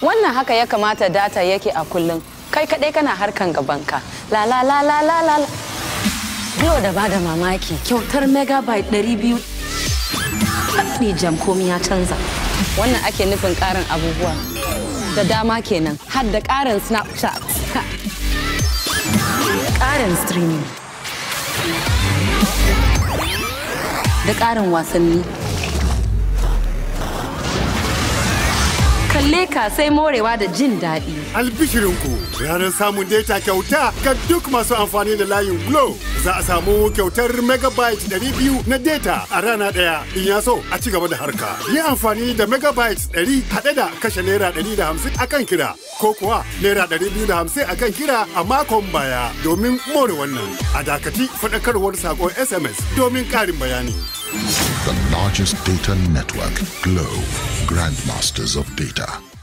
wannan haka ya kamata data yake a kullum kai kadai kana harkan gabanka la la la la la la yau da bada mamaki kyautar megabyte biyu haɗi jam komi ya canza wannan ake nufin ƙarin abubuwa da dama kenan har da ƙarin snapchat ƙarin streaming da ƙarin wasanni ka sai morewa da jin daɗi. Albishirinku ranar samun data kyauta ga duk masu amfani da layin Glo za a samu kyautar megabyte biyu na data a rana ɗaya in ya so a ci gaba da harka. Yi amfani da megabyte ɗari haɗe da kashe naira da hamsin a kan kira ko kuwa naira biyu da hamsin a kan kira a makon baya domin more wannan a dakati faɗakarwar sakon SMS domin ƙarin bayani. The largest data network, glow grandmasters of data.